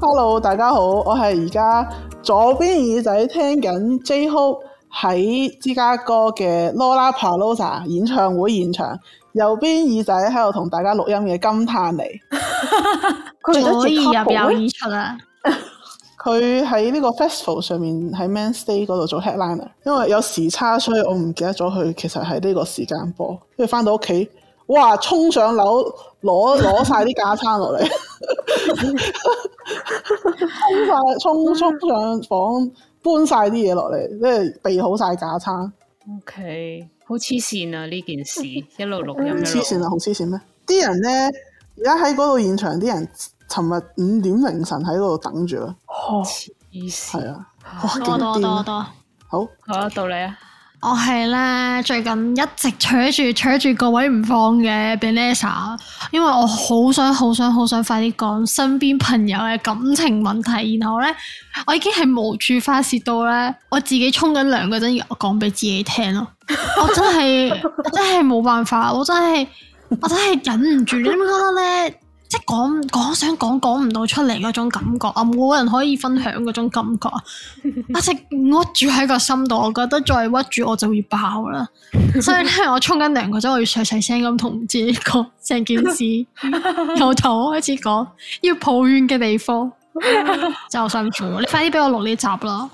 Hello，大家好，我係而家左邊耳仔聽緊 J-Hope 喺芝加哥嘅 Lollapalooza 演唱會現場，右邊耳仔喺度同大家錄音嘅金碳妮。佢都接有演出啊！佢喺呢個 Festival 上面喺 Main Stage 嗰度做 Headliner，因為有時差，所以我唔記得咗佢其實喺呢個時間播，跟住翻到屋企。哇！衝上樓攞攞晒啲架撐落嚟，衝晒衝衝上房搬晒啲嘢落嚟，即係備好晒架撐。O、okay. K，好黐線啊！呢件事一路錄音，黐線啊，好黐線咩？啲人咧，而家喺嗰度現場，啲人尋日五點凌晨喺度等住咯。黐線係啊，多多，多多多，好好啊，道理啊！我係咧最近一直扯住扯住各位唔放嘅 Banessa 因為我好想好想好想快啲講身邊朋友嘅感情問題，然後咧我已經係無處發泄到咧，我自己沖緊涼嗰陣，要我講畀自己聽咯，我真係 真係冇辦法，我真係我真係忍唔住，你唔覺得咧？即係講講想講講唔到出嚟嗰種感覺啊，冇人可以分享嗰種感覺啊，一直屈住喺個心度，我覺得再屈住我就會爆啦。 所以咧，我沖緊涼嗰陣，我要細細聲咁同唔知你講成件事，由頭 開始講，要抱怨嘅地方 就辛苦你快， 快啲俾我錄呢集啦。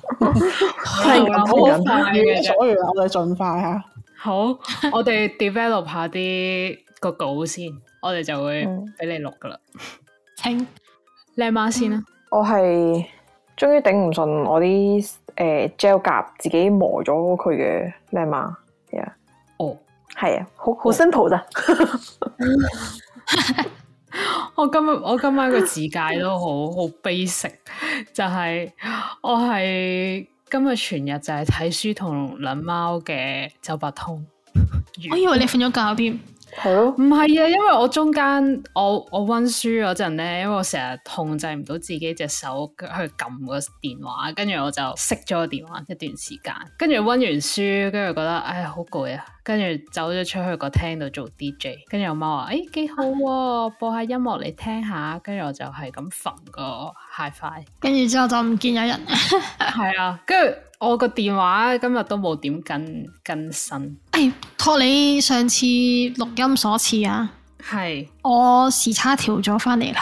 係咁快嘅，所以我哋盡快下。好，我哋 develop 下啲個稿先。我哋就會俾你錄噶啦，清靚媽先啦、啊。我係終於頂唔順我啲誒 gel 夾，呃、gel 自己磨咗佢嘅靚媽，係啊，哦，係啊，好好 simple 咋。我今日我今晚嘅自介都好好 basic，就係我係今日全日就係睇書同撚貓嘅周伯通 原。我以為你瞓咗覺添。係咯，唔係啊，因為我中間我我溫書嗰陣咧，因為我成日控制唔到自己隻手去撳個電話，跟住我就熄咗個電話一段時間。跟住溫完書，跟住覺得唉，好攰啊，跟住走咗出去個廳度做 DJ。跟住我媽話，哎，幾好啊，播下音樂嚟聽下。跟住我就係咁瞓個。太快，跟住之後就唔見有人，係啊，跟住我個電話今日都冇點跟更新。哎，托你上次錄音所賜啊！係是，我時差調咗翻嚟啦，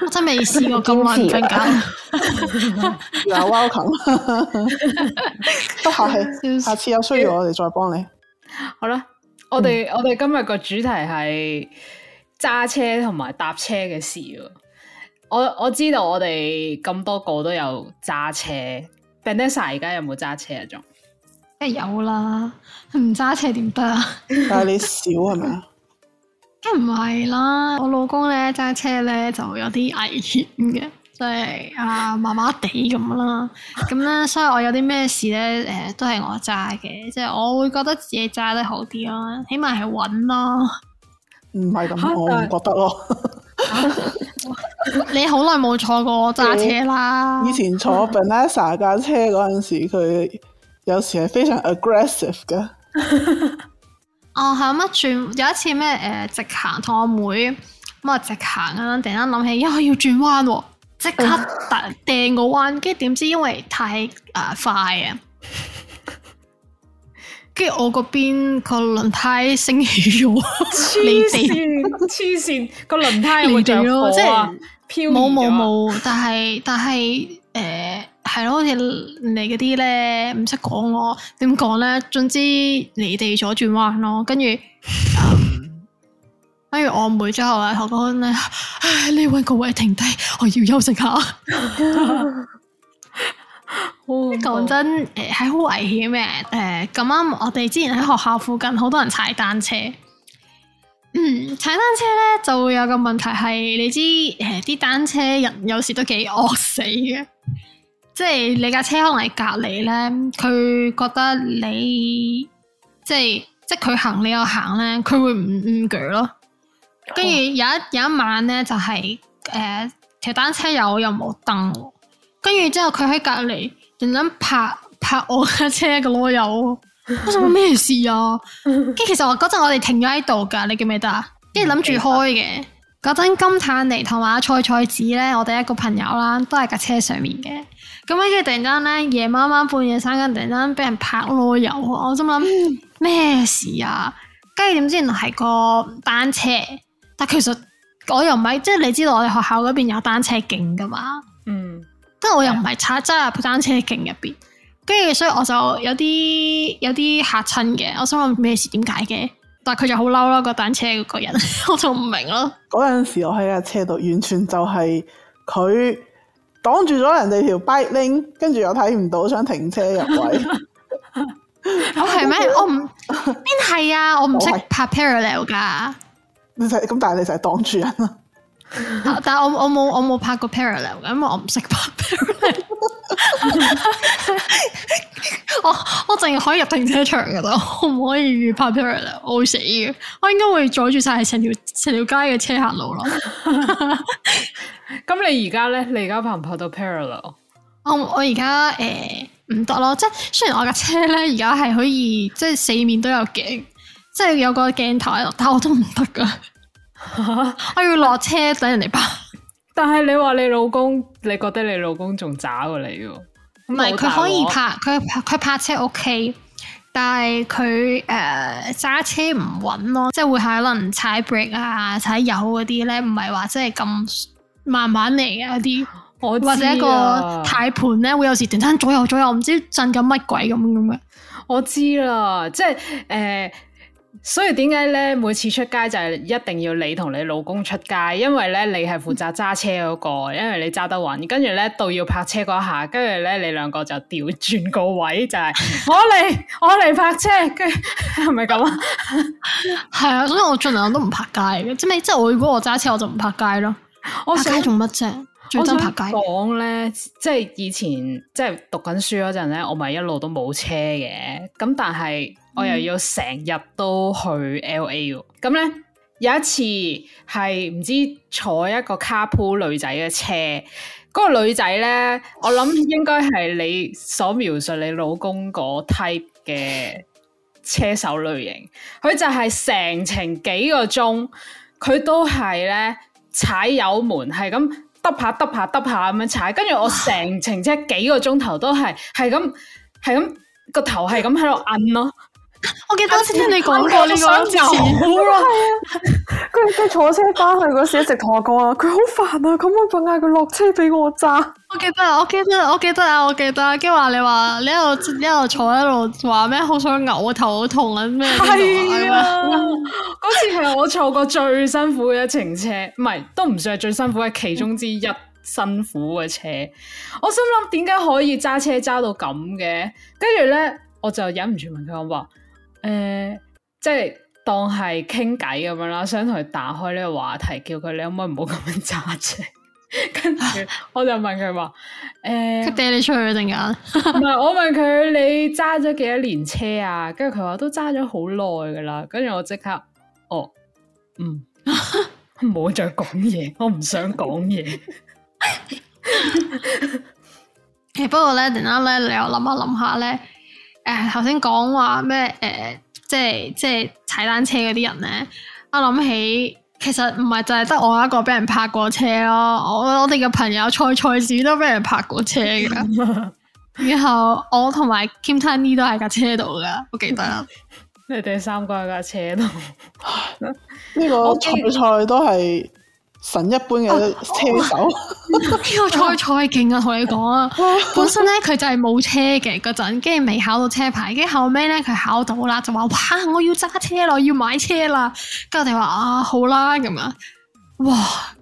我真未試過咁晚瞓覺。Welcome，唔客氣，下次有需要 我哋再幫你。好啦，我哋我哋今日個主題係。 揸車同埋搭車嘅事，我我知道我哋咁多個都有揸車。Banessa 而家有冇揸車啊？仲，梗係有啦，唔揸車點得啊？但係你少係咪啊？梗唔係啦，我老公咧揸車咧就有啲危險嘅，即係啊麻麻地咁啦。咁咧， 所以我有啲咩事咧，誒都係我揸嘅，即係我會覺得自己揸得好啲咯，起碼係穩咯。唔係咁，啊、我唔覺得咯。 你好耐冇坐過我揸 車啦。以前坐 Banessa 架車嗰陣時，佢 有時係非常 aggressive 噶。 哦，係乜轉？有一次咩誒、呃、直行同我妹乜直行啦、啊，突然間諗起，因、呃、哦要轉彎喎、啊，即刻突掟個彎，跟住點知因為太啊、呃呃、快啊！跟住我嗰邊個輪胎升起咗，黐線黐線，個輪胎會着火啊！即係話，冇冇冇，但係但係誒係咯，好似你嗰啲咧，唔識講我點講咧，總之你哋左轉彎咯，跟住跟住我妹之後咧，我講咧，唉你搵個位停低，我要休息下。 講真，誒、嗯，係好、呃、危險嘅。誒、呃，咁啱我哋之前喺學校附近好多人踩單車。嗯，踩單車咧就會有個問題係，你知誒，啲、呃、單車人有時都幾惡死嘅。即係你架車可能喺隔籬咧，佢覺得你即係即係佢行，你又行咧，佢會唔唔腳咯。跟住有一、哦、有一晚咧，就係、是、誒、騎、呃、單車有又冇燈，跟住之後佢喺隔籬。突然間拍拍我架車個羅柚， 我心諗咩事啊？跟住 其實我嗰陣我哋停咗喺度噶，你記唔記得啊？跟住諗住開嘅，嗰陣 金碳妮同埋蔡蔡子咧，我哋一個朋友啦，都係架車上面嘅。咁跟住突然間咧，夜晚晚半夜三更，突然間俾人拍羅柚，我心諗咩 事啊？跟住點知原來係個單車，但其實我又唔係，即係你知道我哋學校嗰邊有單車徑噶嘛？嗯。 跟住我又唔係踩揸入部單車徑入邊，跟住所以我就有啲有啲吓親嘅，我想問咩事點解嘅，但係佢就好嬲咯個單車嗰個人，我就唔明咯。嗰陣時我喺架車度，完全就係佢擋住咗人哋條 bike link，跟住又睇唔到，想停車入位。我係咩？我唔邊係啊，我唔識拍 parallel 噶。你就咁，但係你就係擋住人啦。嗯、但係我我冇我冇拍過 parallel 嘅，因為我唔識拍 parallel。 我我淨係可以入停車場嘅啫，我唔可以遇拍 parallel，我會死嘅。我應該會阻住晒成條成條街嘅車行路咯。咁 你而家咧？你而家拍唔拍到 parallel？ 我我而家誒唔得咯，即、呃、係雖然我架車咧而家係可以，即、就、係、是、四面都有鏡，即、就、係、是、有個鏡頭喺度，但我都唔得噶。 我要落車等人哋拍， 但係你話你老公，你覺得你老公仲渣過你？唔係是，佢 可以拍，佢佢拍車 OK，但係佢誒揸車唔穩咯，即係會可能踩 brake 啊、踩油嗰啲咧，唔係話即係咁慢慢嚟啊，嗰啲，或者一個軚盤咧會有時突然間左右左右，唔知震緊乜鬼咁咁嘅。我知啦，即係誒。呃所以點解咧？每次出街就係一定要你同你老公出街，因為咧你係負責揸車嗰個，因為你揸得穩。跟住咧到要泊車嗰下，跟住咧你兩個就調轉個位，就係、是、 我嚟，我嚟泊車，跟住， 係咪咁啊？係啊，所以我盡量都唔泊街嘅。即係即係，我如果我揸車，我就唔泊街咯。泊街做乜啫？我想泊街講咧，即係以前即係讀緊書嗰陣咧，我咪一路都冇車嘅。咁但係。我又要成日都去 L.A. 咁咧，有一次係唔知坐一個 Carpool 女仔嘅車，嗰個女仔咧，我諗應該係你所描述你老公嗰 type 嘅車手類型，佢就係成程幾個鐘，佢都係咧踩油門係咁得下得下得下咁樣踩，跟住我成程車幾個鐘頭都係係咁係咁個頭係咁喺度摁咯。我記得當時聽你講過呢個，係啊，佢佢坐車翻去嗰時，一直同我講啊，佢好煩啊，咁我就嗌佢落車俾我揸。我記得，啊，我記得，我記得啊，我記得啊，跟住話你話你喺度一路坐喺度話咩，好想嘔啊，頭好痛啊，咩？係啊，嗰次係我坐過最辛苦嘅一程車，唔係都唔算係最辛苦嘅，其中之一辛苦嘅車。我心諗點解可以揸車揸到咁嘅？跟住咧，我就忍唔住問佢話。誒、呃，即係當係傾偈咁樣啦，想同佢打開呢個話題，叫佢你可唔可以唔好咁樣揸車？ 跟住我就問佢話：誒、 欸，佢掟你出去一陣間？唔係， 我問佢你揸咗幾多年車啊？跟住佢話都揸咗好耐噶啦。跟住我即刻，哦，嗯，唔好 再講嘢，我唔想講嘢。誒， 不過咧，等陣間咧，你又諗一諗下咧。誒，頭先講話咩？誒、呃，即係即係踩單車嗰啲人咧，我諗起其實唔係淨係得我一個俾人拍過車咯。我我哋嘅朋友蔡蔡子都俾人拍過車噶。 然後我同埋金碳妮都喺架車度噶，我記得啊， 你哋三個喺架車度，呢 個參賽都係。神一般嘅車手，呢個菜菜勁啊！同、這個啊、你講啊，本身咧佢就係冇車嘅嗰陣，跟住未考到車牌，跟住後尾咧佢考到啦，就話哇我要揸車啦，我要買車、啊、啦，跟住我哋話啊好啦咁樣。哇！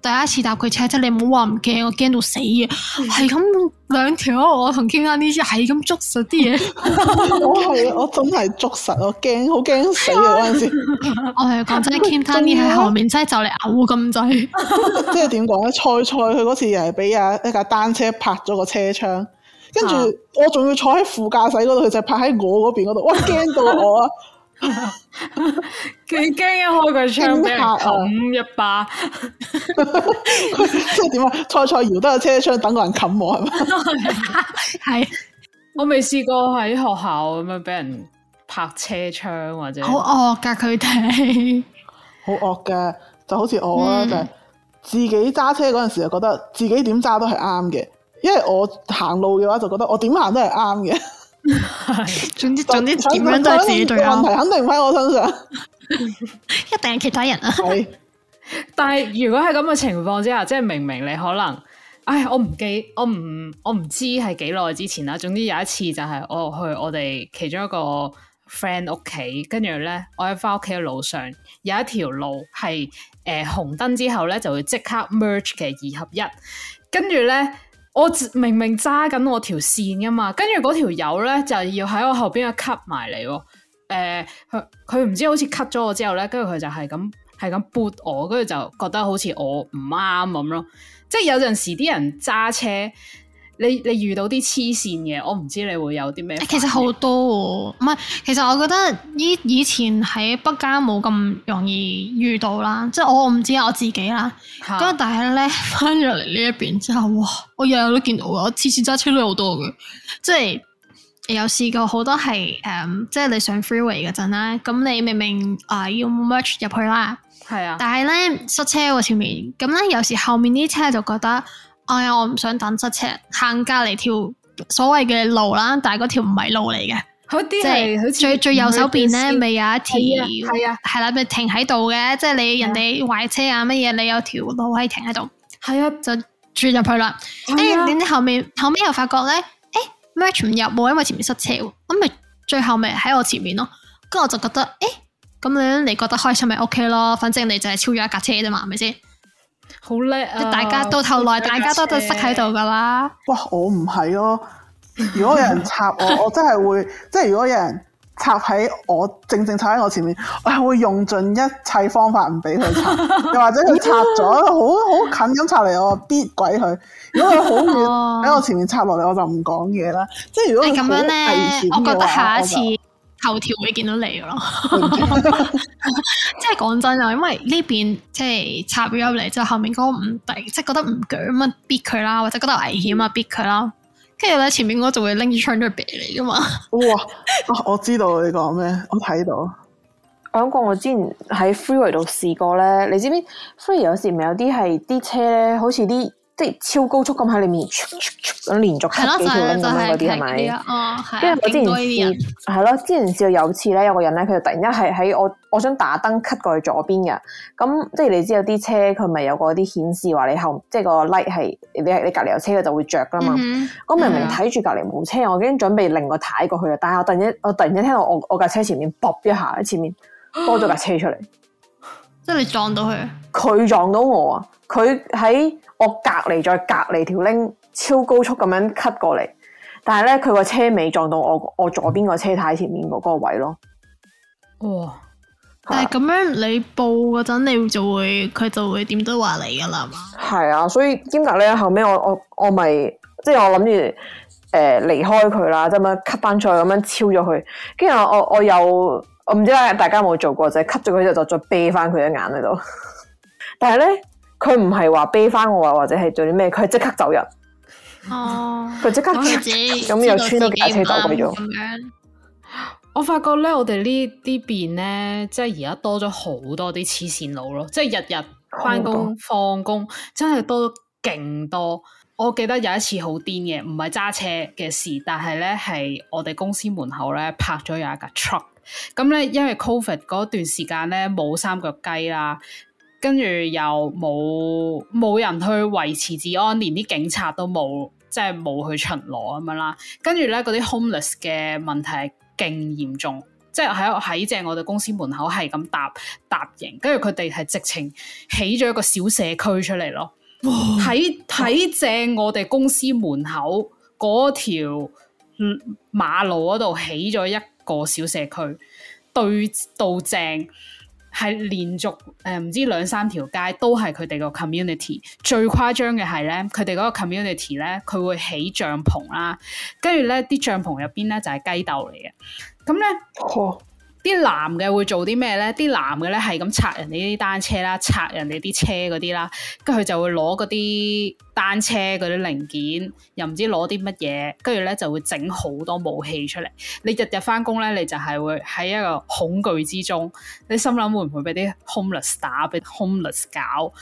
第一次搭佢車真係，你唔好話唔驚，我驚到死嘅，係咁兩條，我同金碳妮呢啲係咁捉實啲嘢。 我係，我真係捉實，我驚，好驚死啊！嗰陣時，我係講真，金碳妮呢喺後面真係就嚟嘔咁滯。 即係點講咧？賽賽佢嗰次又係俾啊一架單車拍咗個車窗，跟住我仲要坐喺副駕駛嗰度，佢就拍喺我嗰邊嗰度，哇我驚到我。幾驚 一開個窗俾人冚一巴 即係點啊？菜菜搖得個車窗等個人冚我係咪？係 我未試過喺學校咁樣俾人拍車窗或者惡 好惡噶佢哋，好惡嘅就好似我啦，嗯、就係自己揸車嗰陣時就覺得自己點揸都係啱嘅，因為我行路嘅話就覺得我點行都係啱嘅。係， 總之 總之點樣都係自己對唔住。問題肯定唔喺我身上 一定係其他人啊是。 但係如果係咁嘅情況之下，即係明明你可能，唉，我唔記，我唔我唔知係幾耐之前啦。總之有一次就係我去我哋其中一個 friend 屋企，跟住咧，我喺返屋企嘅路上，有一條路係誒紅燈之後咧就會即刻 merge 嘅二合一，跟住咧。我明明揸緊我條線噶嘛，跟住嗰條友咧就要喺我後邊嘅 cut 埋嚟，誒、呃，佢佢唔知好似 cut 咗我之後咧，跟住佢就係咁係咁 push 我，跟住就覺得好似我唔啱咁咯，即係有陣時啲人揸車。你你遇到啲黐線嘅，我唔知你會有啲咩。其實好多喎、啊，唔係，其實我覺得依以前喺北加冇咁容易遇到啦，即、就、係、是、我唔知我自己啦。咁好但係咧返咗嚟呢一邊之後，哇！我日日都見到嘅，我次次揸車都好多嘅，即係有試過好多係誒，即、um，係你上 freeway 嗰陣咧，咁你明明誒、啊、要 merge 入去啦，係啊，但係咧塞車喎前面，咁咧有時後面啲車就覺得。哎呀，我唔想等塞車，行隔籬條所謂嘅路啦，但係嗰條唔係路嚟嘅，嗰啲係好似像 最最右手邊咧，咪有一條係啊，係啦、啊，咪、啊啊、停喺度嘅，即係你人哋壞車啊乜嘢，你有條路可以停喺度，係啊，就轉入去啦。哎，點知後面後面又發覺咧，哎 match 唔入喎，因為前面塞車，咁咪最後咪喺我前面咯。跟住我就覺得，哎、欸，咁樣你覺得開心咪 ok 咯，反正你就係超咗一架車啫嘛，係咪先？好叻啊！大家到頭來，大家都都塞喺度噶啦。哇！我唔係咯，如果有人插我， 我真係會，即係如果有人插喺我正正插喺我前面，我係會用盡一切方法唔俾佢插。又 或者佢插咗，好好近咁插嚟，我嗶鬼佢。如果佢好遠喺我前面插落嚟，我就唔講嘢啦。 即係如果係咁 樣咧，我覺得下一次。頭條會見到你咯， 即係講真啊，因為呢邊即係插咗入嚟，就後面嗰個唔抵，即係覺得唔強，咁啊逼佢啦，或者覺得危險啊逼佢啦，跟住咧前面嗰個就會拎住槍都係俾你噶嘛哇。哇、 啊！我知道你講咩，我睇到。 我諗過我之前喺 Freeway 度試過咧，你知唔知 Freeway 有時咪有啲係啲車咧，好似啲。即係超高速咁喺裏面，咁連續 cut 幾條咁樣嗰啲係咪？嗯就是，是是哦，係、嗯。跟住我之前試，係咯，之前試過有次咧，有個人咧，佢就突然間係喺我，我想打燈 cut 過去左邊噶。咁即係你知道有啲車佢咪有嗰啲顯示話你後，即係個 light 係你你隔籬有車佢就會着噶嘛。咁，嗯、哼明明睇住隔籬冇車，我已經準備另個軚過去啦。但係我突然間我突然間聽到我我架車前面卜一下喺前面，多咗架車出嚟。 即係你撞到佢，佢撞到我啊！佢喺我隔籬再隔籬條 lane 超高速咁樣 cut 過嚟，但係咧佢個車尾撞到我我左邊個車胎前面嗰個位咯。哦，但係咁樣你報嗰陣，你就會佢就會點都話你噶啦嘛？係啊，啊，所以兼夾咧後尾我我我咪即係我諗住誒離開佢啦，即係咁樣 cut 翻，再咁樣超咗佢，跟住我我，我又。我唔知啊，大家有冇做過就係吸咗佢之後再啤翻佢一眼喺度， 但係咧佢唔係話啤翻我或者係做啲咩，佢即刻走人。哦，佢即刻穿咁又穿咗架車走咁樣。我發覺咧，我哋呢啲邊咧，即係而家多咗好多啲黐線佬咯，即係日日翻工放工真係多咗勁多。我記得有一次好癲嘅，唔係揸車嘅事，但係咧係我哋公司門口咧拍咗有一架 truck。咁咧，因為 Covid 嗰段時間咧冇三腳雞啦，跟住又冇冇人去維持治安，連啲警察都冇，即係冇去巡邏咁樣啦。跟住咧，嗰啲 homeless 嘅問題係勁嚴重，即係喺喺正我哋公司門口係咁搭搭營，跟住佢哋係直情起咗一個小社區出嚟咯。喺喺哇正我哋公司門口嗰條馬路嗰度起咗一個小社區對到正係連續誒唔、呃、知兩三條街都係佢哋個 community 最誇張嘅係咧，佢哋嗰個 community 咧，佢會起帳篷啦，跟住咧啲帳篷入邊咧就係、是、雞竇嚟嘅，咁咧。哦啲男嘅會做啲咩咧？啲男嘅咧係咁拆人哋啲單車啦，拆人哋啲車嗰啲啦，跟住佢就會攞嗰啲單車嗰啲零件，又唔知攞啲乜嘢，跟住咧就會整好多武器出嚟。你日日返工咧，你就係會喺一個恐懼之中，你心諗會唔會俾啲 homeless 打，俾 homeless 搞？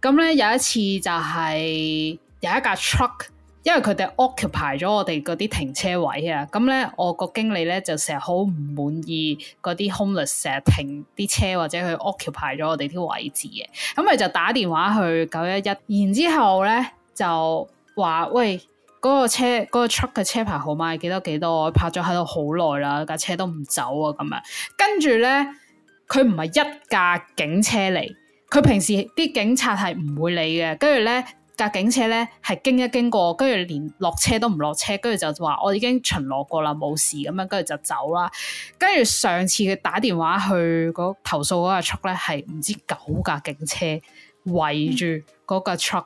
咁咧有一次就係有一架 truck。因為佢哋 occupy 咗我哋嗰啲停車位啊，咁咧我個經理咧就成日好唔滿意嗰啲 homeless 成日停啲車或者佢 occupy 咗我哋啲位置嘅，咁、嗯、佢就打電話去九一一，然之後咧就話喂，嗰、嗰個車嗰、嗰個 truck 嘅車牌號碼係幾多幾多，我拍咗喺度好耐啦，架車都唔走啊，咁樣，跟住咧佢唔係一架警車嚟，佢平時啲警察係唔會理嘅，跟住咧。架警車咧係經一經過，跟住連落車都唔落車，跟住就話我已經巡邏過啦，冇事咁樣，跟住就走啦。跟住上次佢打電話去嗰投訴嗰個 truck 咧，係唔知九架警車圍住嗰個 truck，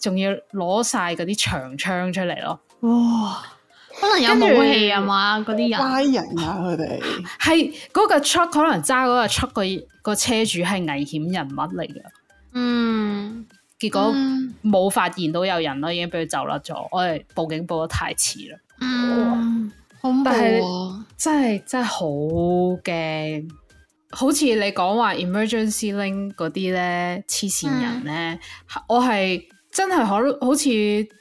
仲要攞晒嗰啲長槍出嚟咯。哇！嗯、可能有武器啊嘛？嗰啲些人拉人啊，佢哋係嗰個 truck 可能揸嗰個 truck 個、嗰個車主係危險人物嚟噶。嗯，結果。嗯冇發現到有人咯，已經俾佢走甩咗。我哋報警報得太遲啦。嗯，哇恐怖、啊。但係真係真係好驚，好似你講話 Emergency Link 嗰啲咧，黐線人咧，嗯、我係真係可好似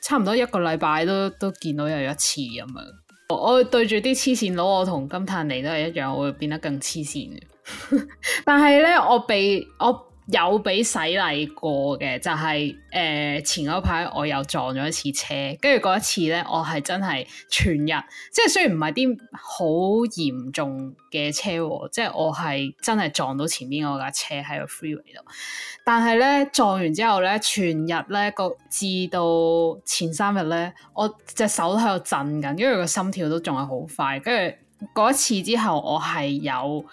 差唔多一個禮拜都都見到有一次咁樣。我對住啲黐線佬，我同金碳妮都係一樣，我會變得更黐線。 但係咧，我被我被。有俾洗禮過嘅，就係、是、誒、呃、前嗰排我又撞咗一次車，跟住嗰一次咧，我係真係全日，即係雖然唔係啲好嚴重嘅車，即係我係真係撞到前面嗰架車喺個 freeway 度，但係咧撞完之後咧，全日咧個至到前三日咧，我隻手都喺度震緊，因為個心跳都仲係好快，跟住嗰一次之後，我係有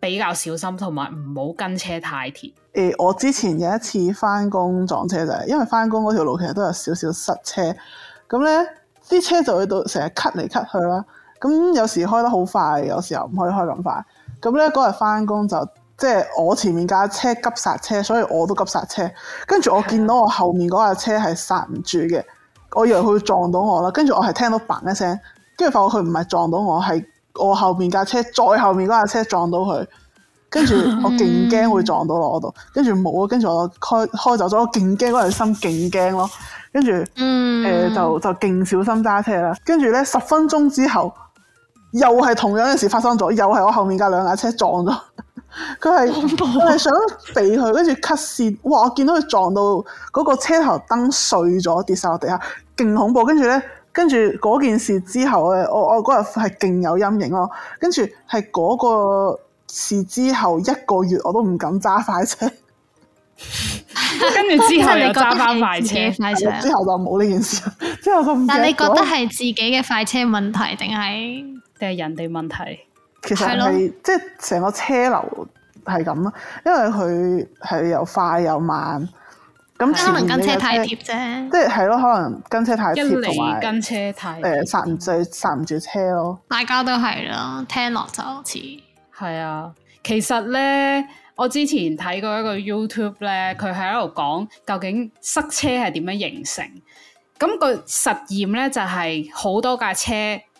比較小心，同埋唔好跟車太貼。誒、欸，我之前有一次翻工撞車就係、是，因為翻工嗰條路其實都有少少塞車，咁咧啲車就會到去到成日咳嚟咳去啦。咁有時開得好快，有時候唔可以開咁快。咁咧嗰日翻工就即係、就是、我前面架車急剎車，所以我都急剎車。跟住我見到我後面嗰架車係剎唔住嘅，我以為佢會撞到我啦。跟住我係聽到「嘭」一聲，跟住發覺佢唔係撞到我，係我，我，我後面架車再後面嗰架車撞到佢。跟住我勁驚會撞到落我度，跟住冇啊！跟住我開開走咗，我勁驚嗰陣心勁驚咯，跟住誒就就勁小心揸車啦。跟住咧，十分鐘之後又係同樣嘅事發生咗，又係我後面架兩架車撞咗。佢係佢係想避佢，跟住 cut 線。哇！我見到佢撞到嗰個車頭燈碎咗，跌晒落地下，勁恐怖。跟住咧，跟住嗰件事之後咧，我我嗰日係勁有陰影咯。跟住係嗰個事之後一個月我都唔敢揸快， 快車，跟住之後你揸翻快車，之後就冇呢件事 之後都但你覺得係自己嘅快車問題定係定係人哋問題？其實係即係成個車流係咁咯，因為佢係又快又慢，咁可能跟車太貼啫。即係係咯，可能跟車太貼同埋跟車太誒剎唔住剎唔住車咯。大家都係咯，聽落就好似。係啊，其實咧，我之前睇過一個 YouTube 咧，佢喺度路講究竟塞車係點樣形成。咁、那個實驗咧就係、是、好多架車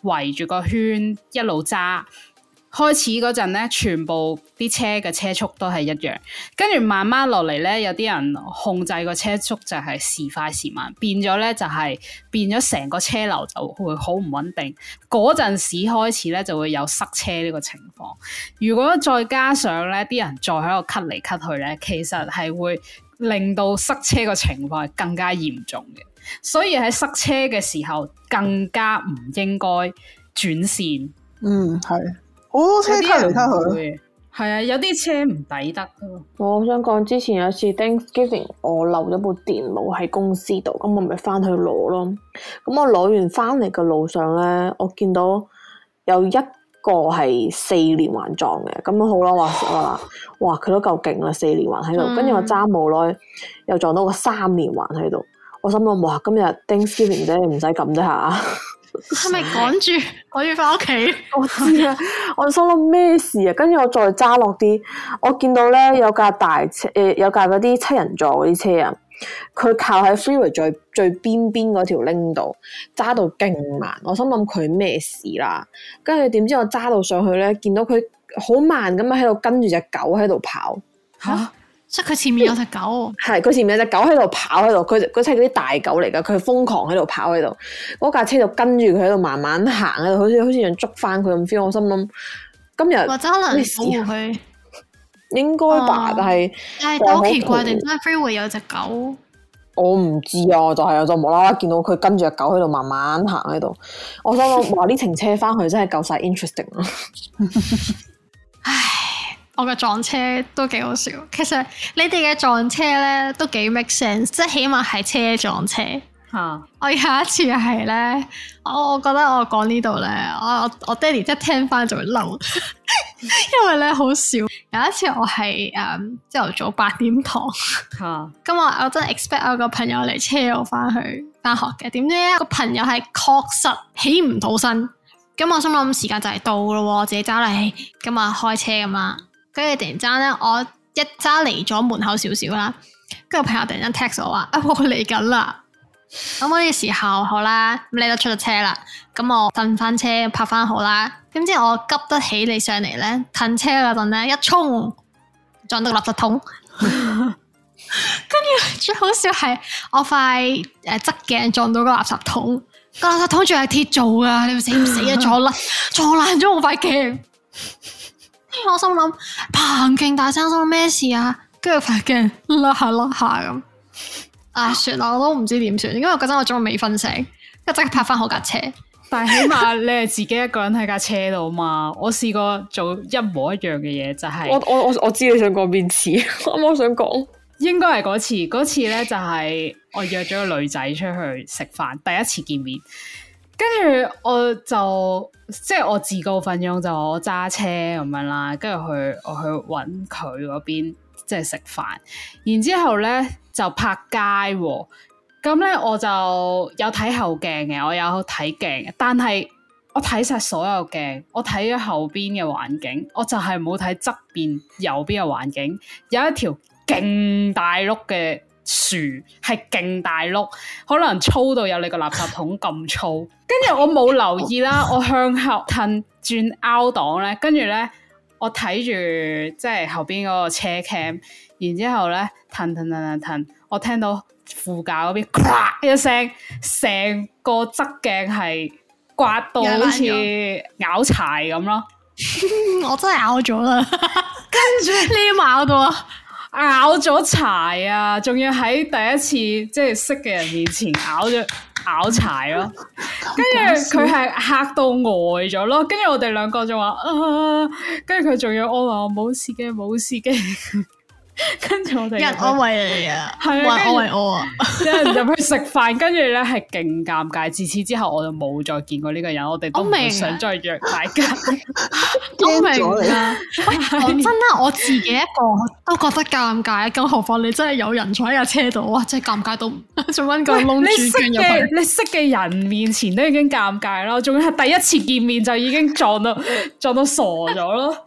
圍住個圈一路揸。開始嗰陣咧，全部啲車嘅車速都係一樣，跟住慢慢落嚟咧，有啲人控制個車速就係時快時慢，變咗咧就係、係、變咗成個車流就會好唔穩定。嗰陣時開始咧就會有塞車呢個情況。如果再加上咧啲人再喺度 cut 嚟 cut 去咧，其實係會令到塞車個情況更加嚴重嘅。所以喺塞車嘅時候更加唔應該轉線。嗯，係。哦，車卡唔卡好嘅，係啊， 有啲車唔抵得。我想講之前有一次 Thanksgiving， 我漏咗部電腦喺公司度，咁我咪翻去攞咯。咁我攞完翻嚟嘅路上咧，我見到有一個係四連環撞嘅，咁都好咯，話時話，哇，佢都夠勁啦，四連環喺度。跟住、嗯、我揸冇耐，又撞到個三連環喺度，我心諗哇，今日 Thanksgiving 啫，唔使咁啫下。 」係咪趕住趕住翻屋企？我知啊， 我心諗咩事啊？跟住我再揸落啲，我見到咧有架大車，誒、呃、有架嗰啲七人座嗰啲車啊，佢靠喺 freeway 最最邊邊嗰條 lane 度揸到勁慢，我心諗佢咩事啦、啊？跟住點知我揸到上去咧，見到佢好慢咁樣喺度跟住隻狗喺度跑吓。啊啊即係佢前面有隻狗，係佢前面有隻狗喺度跑喺度，佢佢隻嗰啲大狗嚟噶，佢瘋狂喺度跑喺度，嗰架車就跟住佢喺度慢慢行喺度，好似好似人捉翻佢咁 feel，我心諗今日或者可能你保護佢，應該吧？但係但係好奇怪，定點解飛會有隻狗？我唔知啊，我就係我就無啦啦見到佢跟住隻狗喺度慢慢行喺度，我想諗話呢程車翻去真係夠晒 interesting 啊！我嘅撞車都幾好笑，其實你哋嘅撞車咧都幾 make sense，即係起碼係車撞車。吓，uh. 我有一次係咧，我我覺得我講呢度咧，我我爹哋一聽翻就會嬲， 因為咧好笑。有一次我係誒朝頭早八點堂，咁 我、uh. 我真係 expect、uh. 我個朋友嚟車我翻去翻學嘅，點知咧個朋友係確實起唔到身，咁我心諗時間就嚟到咯，我自己揸嚟，咁啊開車咁啊。跟住突然間咧，我一揸嚟咗門口少少啦，跟住朋友突然間 text 我話，我嚟緊啦。咁嗰啲時候好啦，咁你都出咗車啦，咁我褪翻車拍翻好啦。點知我急得起你上嚟咧？褪車嗰陣咧，一衝到一、 呃、撞到個垃圾桶。跟住最好笑係我塊誒側鏡撞到個垃圾桶，個垃圾桶仲係鐵做噶，你會死唔死啊？撞甩撞爛咗我塊鏡。我心諗彭勁大聲心諗咩事啊，跟住突然間甩下甩下咁，啊算啦，我都唔知點算，因為嗰陣我仲未瞓醒，一即刻拍翻好架車。但係起碼你係自己一個人喺架車度嘛， 我試過做一模一樣嘅嘢就係、是，我我我我知你想講邊次， 我冇想講，應該係嗰次，嗰次咧就係我約咗個女仔出去食飯， 第一次見面。跟住我就即係我自告奮勇就我揸車咁樣啦，跟住去我去搵佢嗰邊即係食飯，然之後咧就泊街，咁咧我就有睇後鏡嘅，我有睇鏡嘅，但係我睇晒所有鏡，我睇咗後邊嘅環境，我就係冇睇側邊、右邊嘅環境，有一條勁大碌嘅。樹係勁大碌，可能粗到有你個垃圾桶咁粗。跟住我冇留意啦，我向後褪轉 out 檔咧，跟住咧我睇住即係後邊嗰個車 cam，然之後咧褪褪褪褪褪，我聽到副駕嗰邊咔一聲，成個側鏡係刮到好似咬柴咁咯，我真係咬咗啦，跟住匿埋喺度啊！咬咗柴啊！仲要喺第一次即係識嘅人面前咬咗咬柴咯，啊，跟住佢係嚇到呆咗咯，跟住我哋兩個就話，啊，跟住佢仲要安慰我冇事嘅，冇事嘅。 跟住我哋一安慰你啊，唔係的我安慰我啊。有人入去食飯，跟住咧係勁尷尬。自此之後，我就冇再見過呢個人。我哋都唔想再約大家。驚咗你啦！我真啦，我自己一個都覺得尷尬，的 更何況你真係有人坐喺架車度，哇！真係尷尬到，仲搵個窿住鑽入去。你識嘅人面前都已經尷尬咯，仲要係第一次見面就已經撞到 撞到傻咗咯。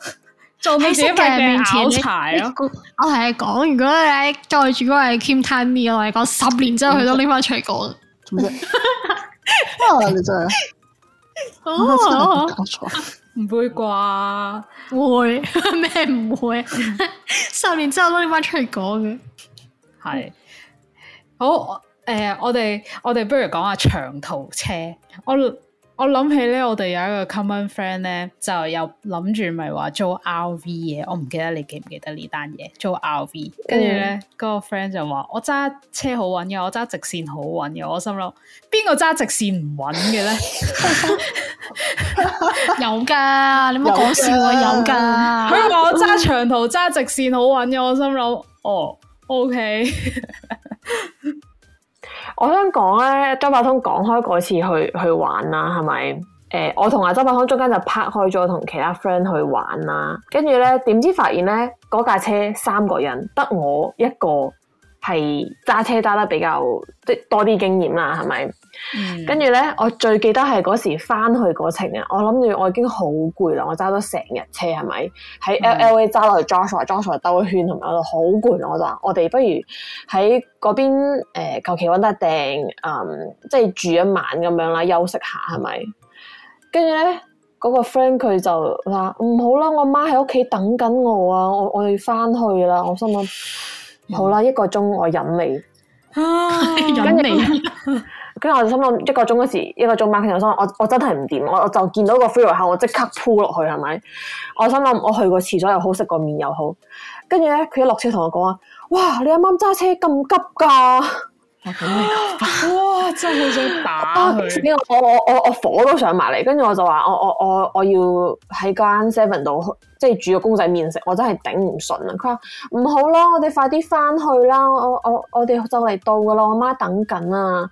做咩小病面前、嗯、你？我同、嗯、你講，如果你再住嗰個 Kim Tam 嘅，我係講十年之後佢都拎翻出嚟講。啊！你真係哦，唔、哦、會啩？會咩唔會？十 年之後都拎翻出嚟講嘅。係、嗯、好誒、呃，我哋我哋不如講下長途車。我。我諗起咧，我哋有一個 common friend 咧，就又諗住咪話租 RV 嘅，我唔記得你記唔記得呢單嘢租 RV，跟住咧，嗰、嗯、個 friend 就話我揸車好穩嘅，我揸直線好穩嘅，我心諗邊個揸直線唔穩嘅咧？有噶，你唔好講笑啊！有噶的，佢話的我揸長途揸 直線好穩嘅，我心諗哦，OK。 我想講咧，周伯通講開嗰次去去玩啦，係咪？誒、欸，我同阿周伯通中間就拍開咗，同其他 friend 去玩啦，跟住咧，點知發現咧嗰架車三個人得我一個。係揸車揸得比較即多啲經驗啦，係咪？跟住咧，我最記得係嗰時翻去嗰程啊！我諗住我已經好攰啦，我揸咗成日車，係咪？喺 LA 揸落去 j o s i j o 兜個圈，同埋我度好攰，我就話：我哋不如喺嗰邊誒，求其搵得訂，嗯，即係住一晚咁樣啦，休息下係咪？跟住咧，嗰個 friend 佢就話：唔好啦，我媽喺屋企等緊我啊，我我要翻去啦！我心諗。好啦，一個鐘我忍你，跟住跟住我就心諗一個鐘。嗰時一個鐘半，其實，我我真係唔掂，我我就見到個 freeway 下，我即刻鋪落去係咪？我心諗我去個廁所又好，食個麵又好，呢。跟住咧佢一落車同我講話，哇！你啱啱揸車咁急㗎？ 哇，真係好想打佢！ 我我我我火都上埋嚟，跟住我就話我我我我要喺間 Seven 度即係煮個公仔麵食，我真係頂唔順啦！佢話唔好啦，我哋快啲翻去啦！我我我哋就嚟到噶啦，我媽等緊啊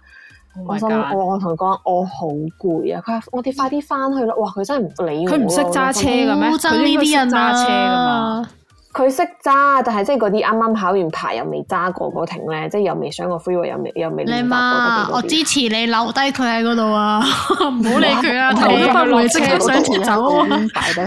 ！Oh my God，我心我我同佢講我好攰啊！佢話我哋快啲翻去啦！哇，佢真係唔理我，佢唔識揸車嘅咩？佢呢啲人揸車噶嘛？佢識揸，但係即係嗰啲啱啱考完牌又未揸過嗰艇咧，即係又未上過 freeway，又未又未明白過得幾多。你媽， 我支持你留低佢喺嗰度啊！唔 好理佢啊，睇翻來車都想轉走啊！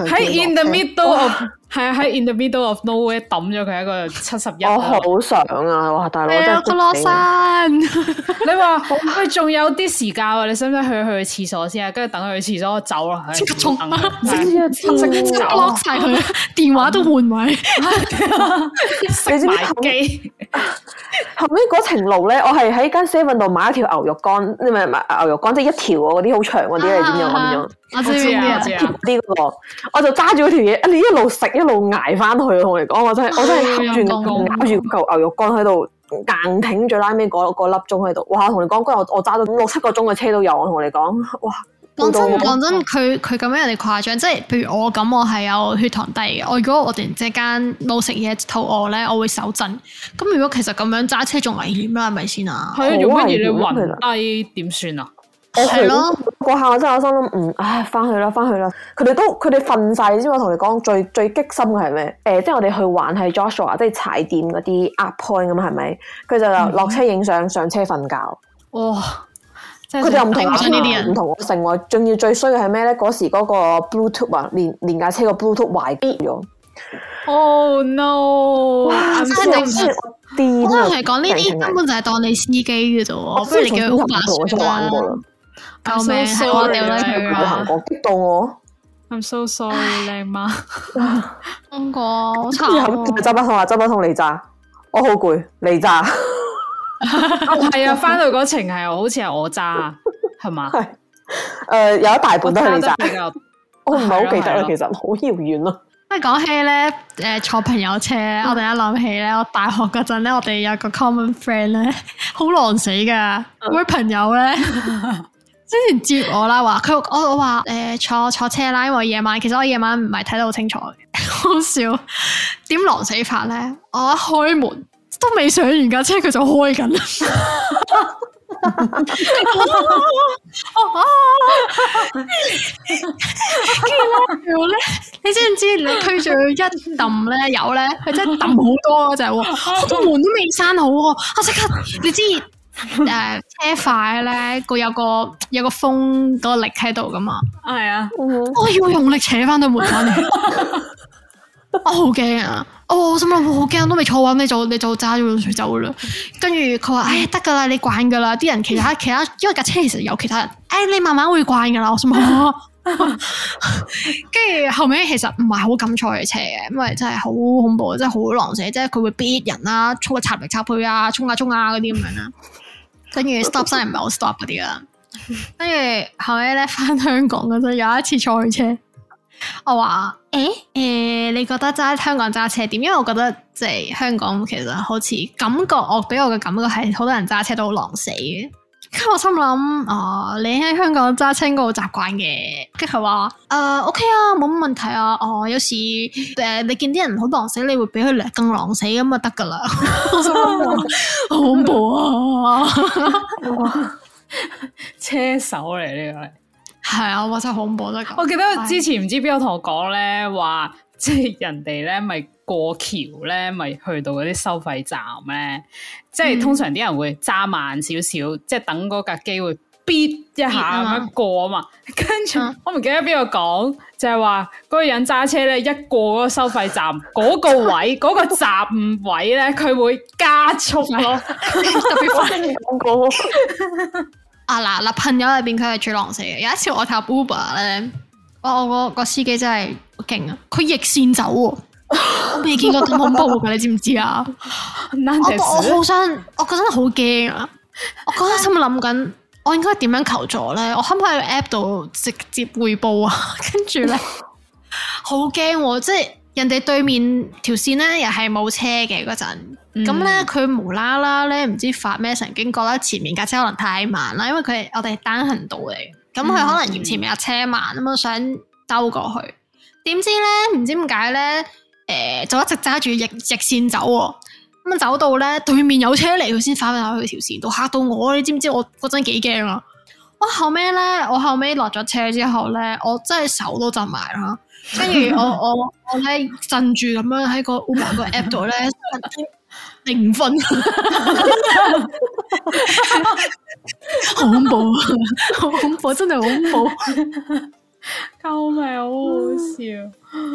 喺 in the middle of 係啊，喺 in the middle of nowhere 揼咗佢一個七十一。我好想啊，哇大佬真係。係啊，佢落山。你話，我仲有啲時間喎，你使唔使去去廁所先啊？跟住等佢去廁所，我走啦。超級聰明，知唔知啊？識 lock 晒佢，電話都換位。你知唔知後尾？嗰程路咧，我係喺間 seven 度買一條牛肉乾，你咪唔牛肉乾，即係一條啊！嗰啲好長嗰啲，你知唔知啊？咁樣。我知，係啊，即係、這個，我就揸住嗰條嘢，你一路食一路挨翻去，同你講，我真係我真係住咬住嚿牛肉乾喺度硬挺，最拉尾嗰粒鐘喺度，哇！同你講，跟住我我揸到五六七個鐘嘅車都有，我同你講，哇！講真講真，佢佢咁樣人哋誇張，即係譬如我咁，我係有血糖低嘅，我如果我突然之間冇食嘢肚餓咧，我會手震。咁如果其實咁樣揸車仲危險啦，係咪先啊？係啊，仲乜嘢？你暈低點算啊？係咯。我下我真係我心諗，嗯，唉，翻去啦，翻去啦。佢哋都佢哋瞓晒，你知我同你講最最激心嘅係咩？誒，即係我哋去玩係 Joshua，即係踩點嗰啲 appointment 咁係咪？佢就落車影相，上車瞓覺。哇！佢哋又唔同啊嘛，唔同成喎。仲要最衰嘅係咩咧？嗰時嗰個 Bluetooth 啊，連連架車個 Bluetooth 壞咗。Oh no！真係講呢啲根本就係當你司機嘅啫，不如你叫 Uber 啦。救命啊！你行過激到我。I'm so sorry，靚媽 Sorry, so 麗。 中國 好慘慘啊、嗯。今日周伯通啊！周伯通你揸。 嗯、我好攰，你揸 吧。唔係啊，翻到嗰程係好似係我揸啊，係嘛？係。誒，有一大半都係你揸。我唔係好記得啦， 其實好遙遠咯。喂，講起咧，誒，坐朋友車，我突然間諗起咧，我大學嗰陣咧，我哋有個 common friend 咧， 好狼死噶，嗰位 朋友咧。 之前接我啦，話佢我我話誒坐坐車啦，因為夜晚其實我夜晚唔係睇得好清楚嘅，好笑點狼死法咧？我一開門都未上完架車，佢就開緊。跟住 咧？你知唔知？你推住一抌咧油咧，佢真係抌好多嘅啫，我門都未閂好，我即刻你知。誒，uh, 車快咧，佢有個有個風個力喺度噶嘛？係啊，我要用力扯翻對門翻嚟、 啊哦，我好驚啊！我心諗好驚，我都未坐穩，你就你就揸住佢隨走啦。跟住佢話：哎呀，得噶啦，你慣噶啦。啲人其他其他，因為架車其實有其他人，誒、哎，你慢慢會慣噶啦。我心諗，跟、啊、住 後尾其實唔係好敢坐嘅車嘅，因為真係好恐怖，真係好狼死，即係佢會逼人啊，衝下插嚟插去啊，衝下衝啊嗰啲咁樣啦。跟住 stop sign 唔係好 stop 嗰啲啦。跟住 後尾咧翻香港嗰陣有一次坐車，我話誒誒，你覺得揸香港揸車點？因為我覺得即係、就是、香港其實好似感覺，我俾我嘅感覺係好多人揸車都好狼死嘅。我心諗，呃呃 okay、啊，你喺香港揸車個好習慣嘅，即係話，誒，O K 啊，冇乜問題啊，哦、呃，有時誒、呃，你見啲人好狼死，你會俾佢虐更狼死咁啊，得噶啦， 好恐怖啊， 車手嚟呢、呢個係啊，我真係好恐怖得。我記得之前唔、哎、知邊個同我講咧話。即係人哋咧，咪過橋咧，咪去到嗰啲收費站咧。即係通常啲人會揸慢少少，嗯、即係等嗰架機會，嗶一下咁樣過啊嘛。跟住我唔記得邊個講，就係話嗰個人揸車咧，一過嗰個收費站嗰 個位嗰、嗰個站位咧，佢會加速咯。特別快過啊嗱嗱，朋友入邊佢係最狼死嘅。有一次我睇搭 Uber 咧。我我個司機真係勁啊！佢逆線走、啊， 我未見過咁恐怖噶，你知唔知啊？ 我我好想，我覺得好驚啊！唉我覺得心諗緊，我應該點樣求助咧？我可唔可以喺個 app 度直接匯報啊？ 跟住咧呢， 好驚、啊！即係人哋對面條線咧，又係冇車嘅嗰陣，咁咧佢無啦啦咧，唔知發咩神經，覺得前面架車可能太慢啦，因為佢我哋係單行道嚟。咁佢、嗯、可能嫌前面有車慢啊嘛，想兜過去，點知咧，唔知點解咧？誒、呃，就一直揸住逆逆線走，咁啊走到咧，對面有車嚟，佢先翻返去條線度，嚇到我！你知唔知？我嗰陣幾驚啊！哇！後尾咧，我後尾落咗車之後咧，我真係手都震埋啦，跟住我我我咧震住咁樣喺個 Uber 個 app 度咧。 興奮 、啊，好恐怖，啊，恐怖啊，好， 好恐怖，真係好恐怖，救命，好好笑，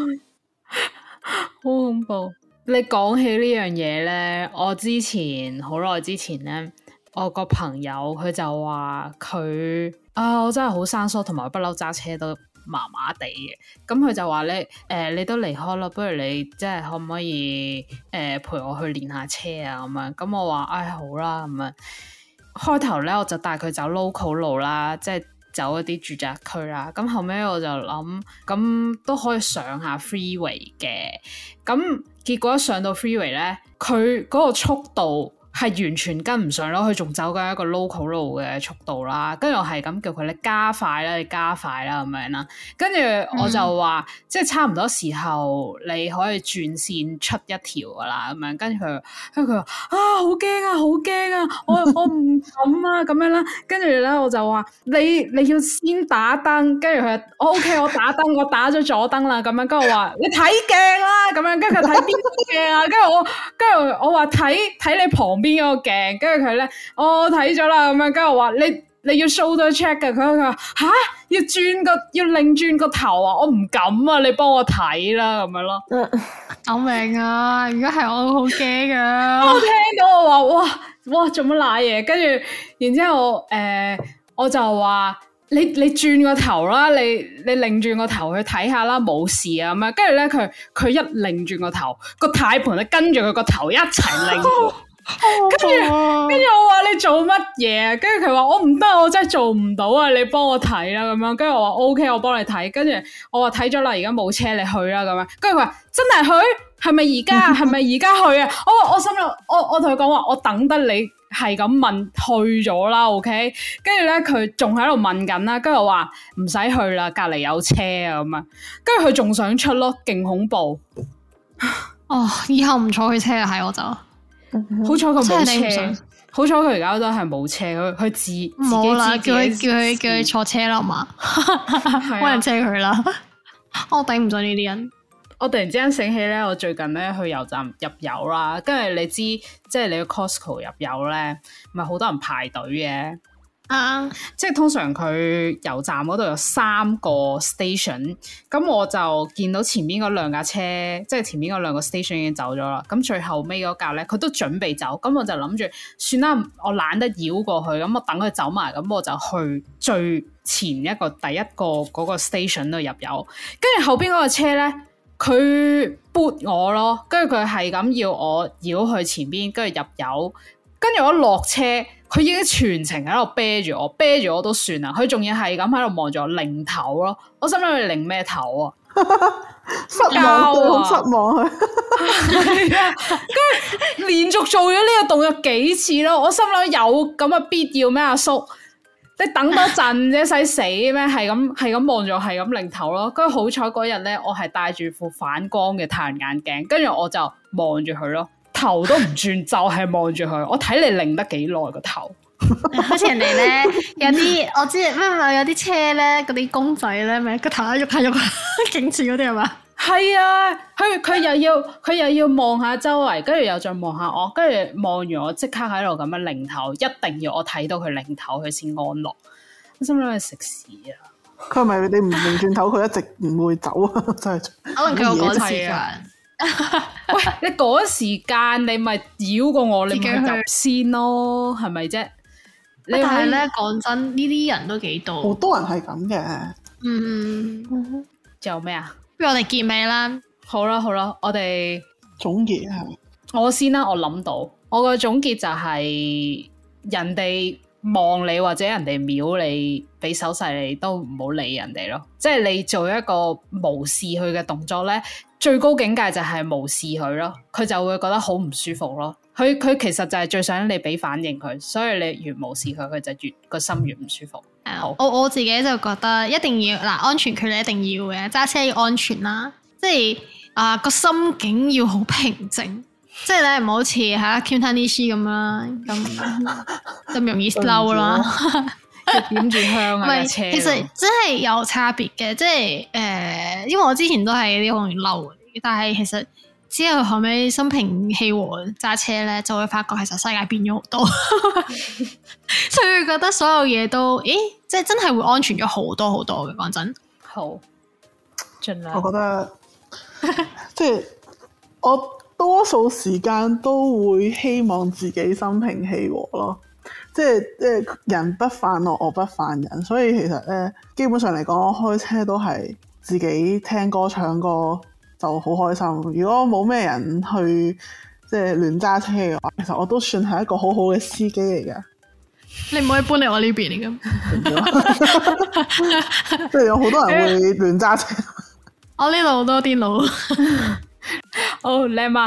好恐怖。你講起呢樣嘢咧，我之前好耐之前咧，我個朋友佢就話佢啊，我真係好生疏，同埋不嬲揸車都。麻麻地嘅，咁佢就話咧，誒，你都離開咯，不如你即係可唔可以，誒、呃，陪我去練下車啊，咁樣，咁我話，唉，好啦，咁樣，開頭咧我就帶佢走 local 路啦，即係走一啲住宅區啦，咁後尾我就諗，咁都可以上下 freeway 嘅，咁結果一上到 freeway 咧，佢嗰個速度。係完全跟唔上咯，佢仲走緊一個 local 路嘅速度啦，跟住我係咁叫佢你加快啦，你加快啦咁樣啦，跟住我就話，即係差唔多時候你可以轉線出一條噶啦，咁樣跟住佢，跟住佢話啊好驚啊，好驚啊，啊，我我唔敢啊，咁樣啦，跟住咧我就話你你要先打燈，跟住佢，我 OK，我打燈，我打咗左燈啦，咁樣，跟住我話你睇鏡啦、啊，咁樣，跟住佢：「睇邊個鏡啊？跟住我，跟住我話睇睇你旁。邊個鏡？跟住佢咧，我睇咗啦，咁樣跟住我話你你要 shoulder check 噶。佢佢話吓，要轉個要擰轉個頭啊！我唔敢啊！你幫我睇啦，咁樣咯。救、呃、命啊，而家係我好驚啊！ 我聽到我話哇哇做乜瀨嘢？跟住然之後我，誒、呃，我就話你你轉個頭啦，你你擰轉個頭去睇下啦，冇事啊咁樣。跟住咧，佢佢一擰轉個頭，個軚盤咧跟住佢個頭一齊擰。 跟住，跟住 我話你做乜嘢？跟住佢話，我唔得，我真係做唔到啊！你幫我睇啦，咁樣，跟住我話 O K，我幫你睇。跟住我話睇咗啦，而家冇車你去啦，咁樣。跟住佢話真係去，係咪而家？係咪而家去啊？我我心裏，我我同佢講話，我等得你係咁問去咗啦。O K，跟住咧，佢仲喺度問緊啦。跟住我話唔使去啦，隔籬有車啊咁樣。跟住佢仲想出咯，勁恐怖。 哦，以後唔坐佢車係我走。好彩佢冇車，好彩佢而家都係冇車，佢佢自冇啦，叫佢叫佢叫佢坐車啦嘛，冇人車佢啦， 我頂唔順呢啲人。我突然之間醒起咧，我最近咧去油站入油啦，跟住你知，即係你個 Costco 入油咧，咪好多人排隊嘅。啊、嗯！即係通常佢油站嗰度有三個 station，咁我就見到前面嗰兩架車，即係前面嗰兩個 station 已經走咗啦。咁最後尾嗰架咧，佢都準備走，咁我就諗住算啦，我懶得繞過去，咁我等佢走埋，咁我就去最前一個第一個嗰個 station 度入油。跟住後邊嗰個車咧，佢撥我咯，跟住佢係咁要我繞去前邊，跟住入油。跟住我落車。佢已經全程喺度啤住我，啤住我都算啦。佢仲要係咁喺度望住我擰頭咯。我心諗佢擰咩頭啊？ 失望啊我！ 失望佢，係啊！跟住連續做咗呢個動作幾次咯。我心諗有咁嘅必要咩？阿叔，叔，你等多陣啫，使死咩？係咁係咁望住我，係咁擰頭咯。跟住好彩嗰日咧，我係戴住副反光嘅太陽眼鏡，跟住我就望住佢咯。頭都唔轉，就係望住佢。我睇你擰得幾耐個頭，好似人哋咧有啲，我知咩有啲車咧，嗰啲公仔咧咩個頭喺度喐下喐下，警車嗰啲係嘛？係啊，佢佢又要佢又要望下周圍，跟住又再望下我，跟住望完我即刻喺度咁樣擰頭，一定要我睇到佢擰頭，佢先安樂。心諗佢食屎啊！佢係咪你哋唔擰轉頭，佢一直唔會走啊？真 係 可能佢有講 喂，你嗰時間你咪繞過我，你咪入先咯，係咪啫？但係咧，講真，呢啲人都幾多，好多人係咁嘅。嗯，仲有咩啊？不如我哋結咩啦？好啦，好啦，我哋總結下。我先啦，我諗到，我個總結就係人哋。望你或者人哋瞄你、比手勢你都唔好理人哋咯。即係你做一個無視佢嘅動作咧，最高境界就係無視佢咯。佢就會覺得好唔舒服咯。佢佢其實就係最想你俾反應佢，所以你越無視佢，佢就越個心越唔舒服。啊，我我自己就覺得一定要嗱，安全距離一定要嘅，揸車要安全啦。即係啊，個心境要好平靜。即係你唔好似嚇金碳妮咁啦，咁咁 容易嬲啦，要點住香啊！唔係，其實真係有差別嘅，即係誒，因為我之前都係啲好容易嬲，但係其實之後後尾心平氣和揸車咧，就會發覺其實世界變咗好多 所以覺得所有嘢都咦，即係真係會安全咗好多好多嘅。講真，好，盡量。我覺得即係 我。多數時間都會希望自己心平氣和咯，即係誒人不犯我，我不犯人，所以其實咧，基本上嚟講，我開車都係自己聽歌、唱歌就好開心。如果冇咩人去即係亂揸車嘅話，其實我都算係一個好好嘅司機嚟嘅。你唔可以搬嚟我呢邊嚟㗎， 白 即係有好多人會亂揸車。欸、我呢度好多電腦。 哦，靚嘛、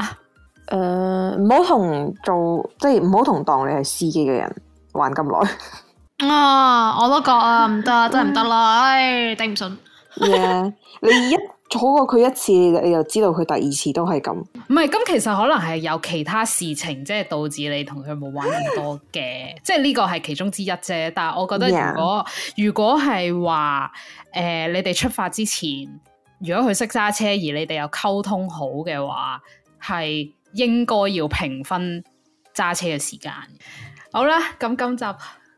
oh,？誒，唔好同做，即係唔好同當你係司機嘅人玩咁耐。啊、 oh,，我都覺啊，唔得，真係唔得啦，唉、 哎，頂唔順。 yeah, 你一坐過佢一次，你就知道佢第二次都係咁。唔係，咁其實可能係有其他事情，即係導致你同佢冇玩咁多嘅， 即係呢個係其中之一啫。但係我覺得如果 Yeah. 如果係話，誒、呃，你哋出發之前。如果佢識揸車，而你哋又溝通好嘅話，係應該要平分揸車嘅時間。好啦，咁今集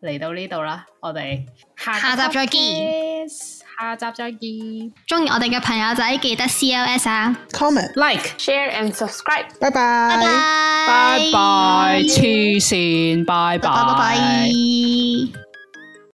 嚟到呢度啦，我哋下，下集再見。下集再見。鍾意我哋嘅朋友仔記得 C O S 啊，comment like share and subscribe bye bye。拜拜拜拜拜拜，黐線，拜拜拜拜。Bye bye bye bye bye bye.